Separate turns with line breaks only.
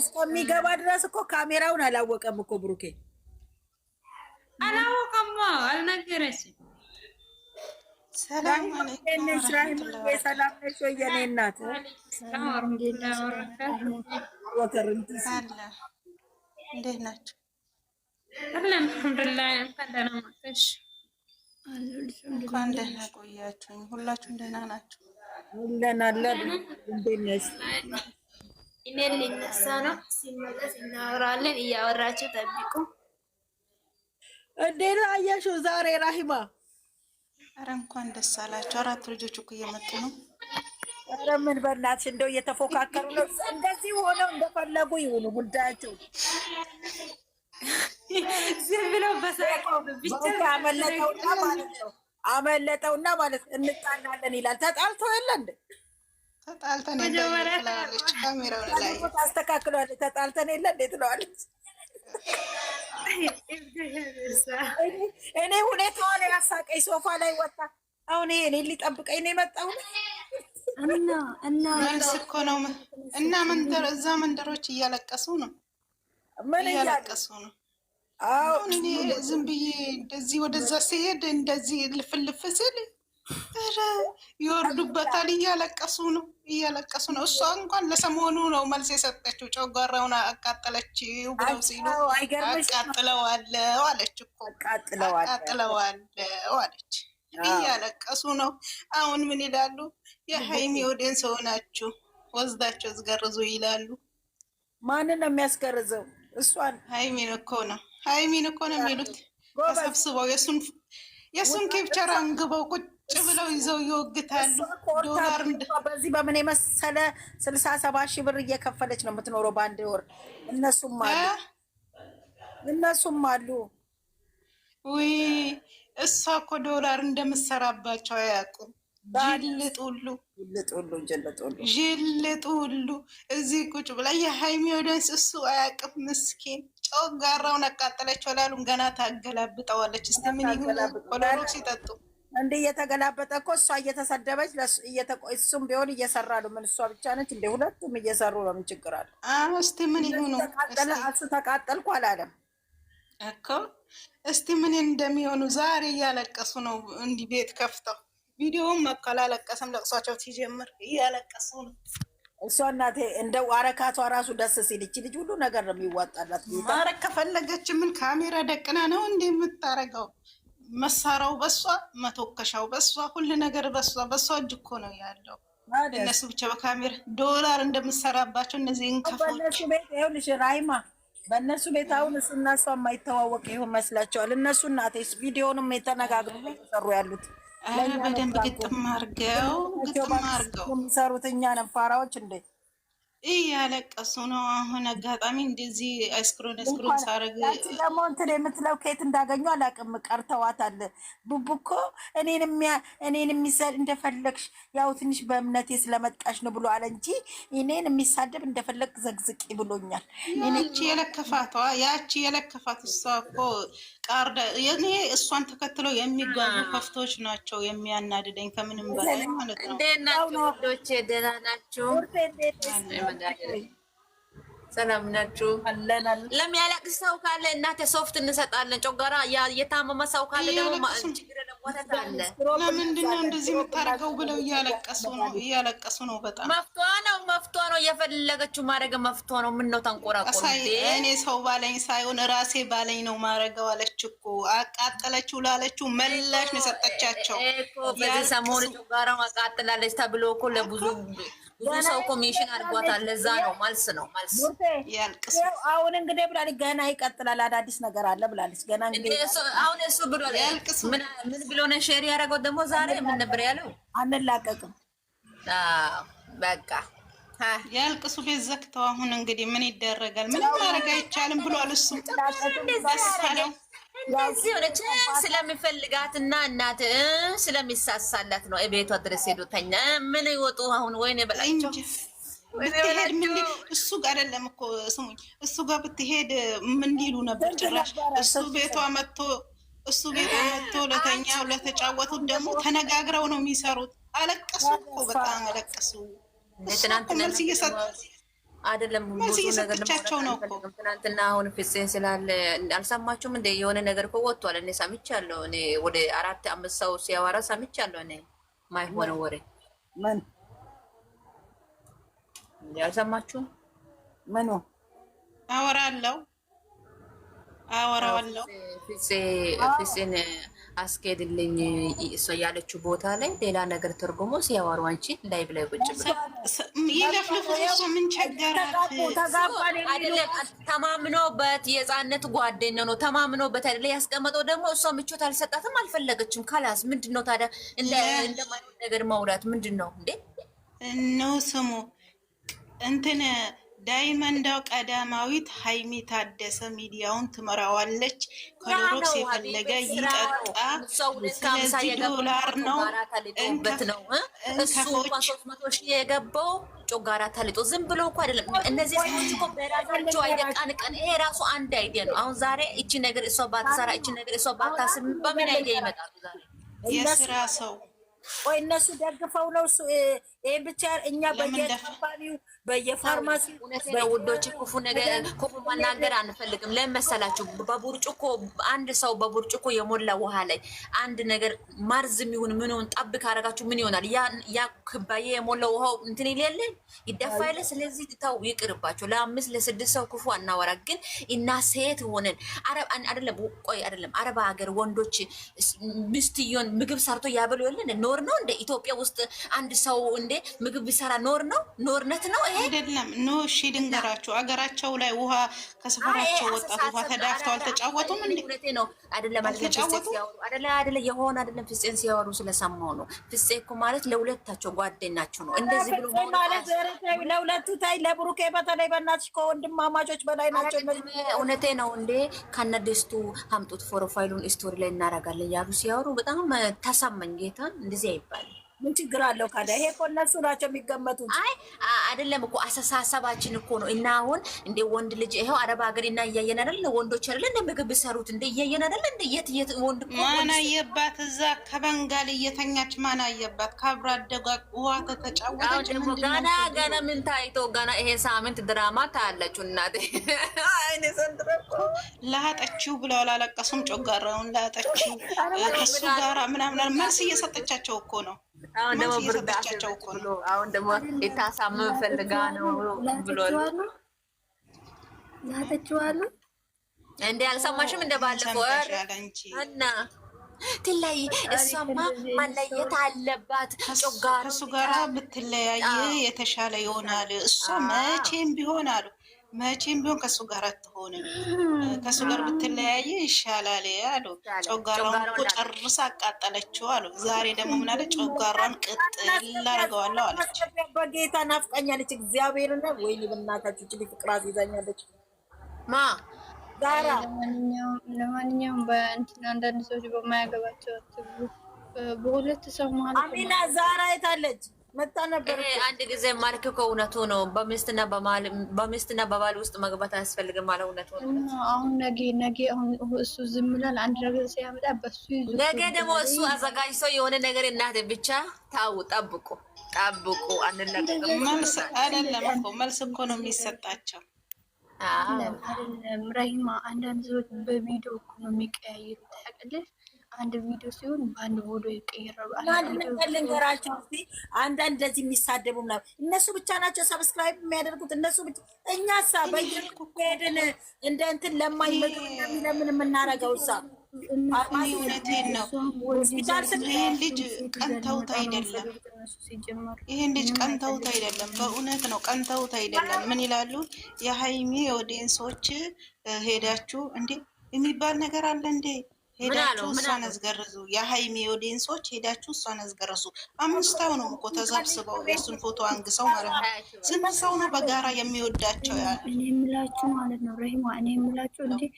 እስከሚገባ ድረስ እኮ ካሜራውን አላወቀም እኮ ብሩኬ፣
አላወቀማ አልነገረችም።
ሰላም አለይኩም የኔ
እናት እንዴት
ናቸው?
እንኳን ደህና ቆያችሁኝ። ሁላችሁም ደህና ናቸው?
አለን አለን። እንዴት ነሽ?
ኢሜል ሊነሳ ነው። ሲመለስ እናወራለን። እያወራችሁ ጠብቁ።
እንዴት ነው አያሽው ዛሬ ራሂማ?
አረ እንኳን ደስ አላችሁ። አራት ልጆች እኮ እየመጡ ነው።
አረ ምን በእናትሽ እንደው እየተፎካከሩ ነው። እንደዚህ ሆነው እንደፈለጉ ይሁኑ ጉዳያቸው። ዝም ብለው አመለጠውና ማለት ነው አመለጠውና ማለት እንጣላለን ይላል። ተጣልተው የለ እንደ
ተጣልተን ትላለች።
ካሜራውን ላይ ታስተካክሏለች። ተጣልተን የለ እንዴት ትለዋለች። እኔ ሁኔታዋን ያሳቀኝ ሶፋ ላይ ወጣ። አሁን ይሄ እኔን ሊጠብቀኝ ነው የመጣው
መልስ እኮ ነው። እና መንደር እዛ መንደሮች እያለቀሱ ነው እያለቀሱ ነው። አሁን እኔ ዝም ብዬ እንደዚህ ወደዛ ሲሄድ እንደዚህ ልፍልፍ ስል ይወርዱበታል። እያለቀሱ ነው እያለቀሱ ነው። እሷ እንኳን ለሰሞኑ ነው መልስ የሰጠችው። ጨጓራውን አቃጠለች ብለው ሲሉ አቃጥለዋለው አለች እኮ አለች። እያለቀሱ ነው። አሁን ምን ይላሉ? የሀይሚ ወደን ሰው ናችሁ ወስዳቸው ዝገርዙ ይላሉ።
ማንን ነው የሚያስገርዘው? እሷን
ሀይሚን እኮ ነው ሀይሚን እኮ ነው የሚሉት ተሰብስበው የሱን ኬፕቸር አንግበው ቁጭ ቁጭ ብለው ይዘው ይወግታሉ።
ዶላር በዚህ በምን የመሰለ ስልሳ ሰባ ሺህ ብር እየከፈለች ነው የምትኖረው በአንድ ወር። እነሱም አሉ እነሱም አሉ።
ውይ እሷ እኮ ዶላር እንደምትሰራባቸው አያውቁም። ጅልጥ ሁሉ ጅልጥ ሁሉ እዚህ ቁጭ ብላ የሀይሚ ወደንስ እሱ አያውቅም ምስኪን ጨው ጋራውን አቃጠለች። ላሉም ገና ታገላብጠዋለች። እስከ ምን ይሁን ኦርቶዶክስ ይጠጡ
እንደ እየተገላበጠ እኮ እሷ እየተሰደበች እሱም ቢሆን እየሰራ ነው። ምን እሷ ብቻ ነች እንደ ሁለቱም እየሰሩ ነው። ምን ችግር አለ?
እስቲ ምን ይሁኑ።
እሱ ተቃጠልኩ አላለም
እኮ። እስቲ ምን እንደሚሆኑ ዛሬ እያለቀሱ ነው። እንዲህ ቤት ከፍተው ቪዲዮም መካል አለቀሰም። ለቅሷቸው ሲጀምር እያለቀሱ ነው።
እሷ እናቴ እንደ አረካቷ ራሱ ደስ ሲል ይቺ ልጅ ሁሉ ነገር ነው የሚዋጣላት።
ማረግ ከፈለገች ምን ካሜራ ደቅና ነው እንደ የምታረገው መሳሪያው በሷ፣ መተከሻው በሷ፣ ሁሉ ነገር በሷ በሷ እጅ እኮ ነው ያለው። እነሱ ብቻ በካሜራ ዶላር እንደምሰራባቸው እነዚህ
እንከፎች ይኸውልሽ፣ ራይማ በእነሱ ቤት አሁን እሱና እሷ የማይተዋወቅ ይሁን መስላቸዋል። እነሱ እናቴስ ቪዲዮንም የተነጋግረው ሰሩ ያሉት
በደንብ ግጥም አርገው ግጥም አርገው
የሚሰሩት እኛ ነን ፋራዎች እንደ
እያለቀሱ ነው። አሁን አጋጣሚ እንደዚህ አይስክሮን አይስክሮን ሳረግ
ደግሞ እንትን የምትለው ከየት እንዳገኙ አላውቅም። ቀርተዋታል። ቡቡ እኮ እኔን የሚሰድ እንደፈለግሽ ያው ትንሽ በእምነቴ ስለመጣሽ ነው ብሎ አለ እንጂ እኔን የሚሳደብ እንደፈለግ ዘግዝቂ ብሎኛል።
ያቺ የለከፋቷ ያቺ የለከፋት እሷ እኮ ቃርዳ እኔ እሷን ተከትለው የሚጓዙ ከፍቶች ናቸው። የሚያናድደኝ ከምንም በላይ
ማለት ነው። ደህና ናቸው። ደህና ናቸው። ሰላም ናችሁ? ለሚያለቅስ ሰው ካለ እናቴ ሶፍት እንሰጣለን። ጮጋራ የታመመ ሰው ካለ ደግሞ
ለምንድነው እንደዚህ የምታደርገው ብለው እያለቀሱ ነው። በጣም
መፍቷ ነው፣ የፈለገችው ማድረግ መፍቷ ነው። ምን ነው ተንቆራቆ?
እኔ ሰው ባለኝ ሳይሆን ራሴ ባለኝ ነው ማድረገው አለች እኮ። አቃጠለችው ላለችው መላሽ ነው የሰጠቻቸው።
በዚህ ሰሞን ጋራ አቃጥላለች ተብሎ እኮ ለብዙ ብዙ ሰው ኮሚሽን አድርጓታል። ለዛ ነው መልስ ነው መልስ።
አሁን እንግዲህ ብላለች፣ ገና ይቀጥላል፣ አዳዲስ ነገር አለ ብላለች። ገና
አሁን እሱ ብሎ ምን ብሎ ነው ሼር ያደረገው ደግሞ ዛሬ ምን ነበር ያለው?
አንላቀቅም
በቃ
የእልቅሱ ቤት ዘግተው አሁን እንግዲህ ምን ይደረጋል? ምንም ማድረግ አይቻልም ብሏል። እሱ
እንደዚህ ሆነች። ስለሚፈልጋትና እናት ስለሚሳሳላት ነው ቤቷ ድረስ ሄዶ ተኛ። ምን ይወጡ አሁን? ወይኔ በላቸው
ብትሄድ ምን እሱ ጋር አይደለም እኮ ስሙኝ፣ እሱ ጋር ብትሄድ ምን ሊሉ ነበር? ጭራሽ እሱ ቤቷ መጥቶ እሱ ቤቷ መጥቶ ለተኛው ለተጫወቱት ደግሞ ተነጋግረው ነው የሚሰሩት። አለቀሱ እኮ በጣም አለቀሱ። አይደለም ብቻቸው ነው
ትናንትና። አሁን ፍጽህ ስላለ አልሰማችሁም? እንደ የሆነ ነገር እኮ ወጥቷል። እኔ ሰምቻለሁ። እኔ ወደ አራት አምስት ሰው ሲያወራ ሰምቻለሁ። እኔ ማይሆነ ወሬ
ምን አልሰማችሁም? ምኑ
አወራለሁ አወራዋለሁ
ፍጽህ ፍጽህን አስኬድልኝ እሷ ያለችው ቦታ ላይ ሌላ ነገር ተርጉሞ ሲያዋሩ አንቺ ላይ ብላይ ቁጭ ተማምኖበት የህፃነት ጓደኛ ነው ተማምኖበት አይደለ ያስቀመጠው። ደግሞ እሷ ምቾት አልሰጣትም፣ አልፈለገችም። ካላስ ምንድን ነው ታዲያ እንደማይሆን ነገር ማውላት ምንድን ነው እንዴ?
ነው ስሙ እንትን ዳይመንዳው ቀዳማዊት ሀይሚ ታደሰ ሚዲያውን ትመራዋለች። ከሎሮክስ የፈለገ ይጠጣ።
ስለዚህ ዶላር ነው እንከፎች የገባው ጮጋራ ተልጦ ዝም ብሎ እኮ አይደለም። እነዚህ ሰዎች እኮ በራሳቸው አይደቃን ይሄ ራሱ አንድ አይዲያ ነው። አሁን ዛሬ እቺ ነገር እሷ ባትሰራ፣ እቺ ነገር እሷ ባታስብ በምን አይዲያ ይመጣሉ? ዛሬ
የስራ ሰው
ቆይ እነሱ ደግፈው ነው እሱ ይህ ብቻ። እኛ በየከባቢው በየፋርማሲው ውዶች ክፉ ነገር ክፉ መናገር አንፈልግም። ለምን መሰላችሁ? በቡርጭኮ አንድ ሰው በቡርጭቆ የሞላ ውሃ ላይ አንድ ነገር ማርዝ የሚሆን ምን ሆን ጠብ ካረጋችሁ ምን ይሆናል? ያ ክባዬ የሞላ ውሃው እንትን ይሌለ ይደፋ ይለ። ስለዚህ ተው ይቅርባቸው። ለአምስት ለስድስት ሰው ክፉ አናወራ። ግን እና ሴት ሆነን አይደለም ቆይ አይደለም አረብ ሀገር ወንዶች ሚስትየን ምግብ ሰርቶ ያበሉ የለን ኖር ነው እንደ ኢትዮጵያ ውስጥ አንድ ሰው እንደ ምግብ ቢሰራ ኖር ነው ኖርነት ነው ይሄ
አይደለም። ኖ እሺ፣ ድንገራቸው አገራቸው ላይ ውሃ ከሰፈራቸው ወጣት ውሃ ተዳፍተው አልተጫወቱም እንዴ
ነው አይደለም፣ አልተጫወቱም አይደለ፣ አይደለ የሆነ አይደለም። ፍፄን ሲያወሩ ስለሰማው ነው። ፍፄ እኮ ማለት ለሁለታቸው ጓደኛቸው ነው። እንደዚህ ብሎ
ማለት ለሁለቱ ታይ ለብሩኬ በተለይ በእናትሽ ከወንድማማቾች በላይ ናቸው።
እውነቴ ነው እንዴ ከነደስቱ አምጡት ፕሮፋይሉን ስቶሪ ላይ እናረጋለን ያሉ ሲያወሩ በጣም ተሰማኝ ጌታን ఈజీ అయిపోవాలి e
ምን ችግር አለው ካዳ ይሄ እኮ እነሱ ናቸው የሚገመቱት።
አይ አይደለም እኮ አስተሳሰባችን እኮ ነው። እና አሁን እንደ ወንድ ልጅ ይኸው አረብ ሀገር እና እያየን አይደለ? ወንዶች አይደለ እንደ ምግብ ሰሩት እንደ እያየን አይደለ? እንደ የት የት ወንድ
እኮ ማን አየባት? እዛ ከበንጋል እየተኛች ማን አየባት? ካብራ አደጓ ውሃ ተተጫወተች።
ገና ገና ምን ታይቶ ገና ይሄ ሳምንት ድራማ ታያላችሁ። እናት
አይኔ ዘንድሮ ላጠችው ብለዋል። አላለቀሱም። ጮጋራውን ላጠችው ከሱ ጋራ ምናምን መልስ እየሰጠቻቸው እኮ ነው
አሁን ደግሞ ብርጋቸው ብሎ አሁን ደግሞ የታሳመን ፈልጋ ነው
ብሎ ላተችዋሉ
እንዴ አልሰማሽም? እንደ ባለፈው እና ትለይ እሷማ ማለየት አለባት። ጮጋር
እሱ ጋራ ብትለያየ የተሻለ ይሆናል። እሷ መቼም ቢሆን አሉ መቼም ቢሆን ከእሱ ጋር አትሆንም። ከእሱ ጋር ብትለያየ ይሻላል አሉ። ጮጋራውን እኮ ጨርሳ አቃጠለችው አሉ። ዛሬ ደግሞ ምን አለ? ጮጋራን ቅጥል አረገዋለሁ አለች።
በጌታ ናፍቃኛለች። እግዚአብሔር ነ ወይ ብናታችሁ ችል ፍቅራ ይዛኛለች። ማ ዛራ
ለማንኛውም በእንትን አንዳንድ ሰዎች በማያገባቸው በሁለት ሰው
ማለት አሚና ዛራ የታለች? መጣ ነበር።
አንድ ጊዜ ማልክ እኮ እውነቱ ነው። በሚስትና በባል ውስጥ መግባት አያስፈልግም አለ። እውነቱ አሁን ነጌ ነጌ አሁን እሱ ዝም ብሏል። አንድ ነገር ሲያመጣ በሱ ነገ ደግሞ እሱ አዘጋጅቶ የሆነ ነገር እናት ብቻ ታው ጠብቁ ጠብቁ።
መልስ መልስ እኮ ነው የሚሰጣቸው።
አይደለም ረሂማ፣ አንዳንድ ሰዎች በቪዲዮ እኮ ነው የሚቀያየሩ ታውቃለህ አንድ ቪዲዮ ሲሆን በአንድ ቦዶ ይቀየራሉ።
ልንገራቸው አንዳንድ እንደዚህ የሚሳደቡ ምናምን እነሱ ብቻ ናቸው ሰብስክራይብ የሚያደርጉት እነሱ ብቻ። እኛ ሳ በየሄድን እንደ እንትን ለማኝ ለምን የምናረገው ሳ
እውነቴን ነው። ይህን ልጅ ቀንተውት አይደለም፣ ይህን ልጅ ቀንተውት አይደለም። በእውነት ነው ቀንተውት አይደለም። ምን ይላሉ የሀይሚ ኦዲየንሶች ሄዳችሁ እንዴ የሚባል ነገር አለ እንዴ? ሄዳችሁ እሷን አስገርዙ። የሀይሚ ኦዲየንሶች ሄዳችሁ እሷን አስገርዙ። አምስታው ነው እኮ ተሰብስበው የእሱን ፎቶ አንግሰው ማለት ነው። ስንት ሰው ነው በጋራ የሚወዳቸው? ያለ እኔ የምላችሁ ማለት ነው ረሂማ እኔ የምላችሁ እንዲህ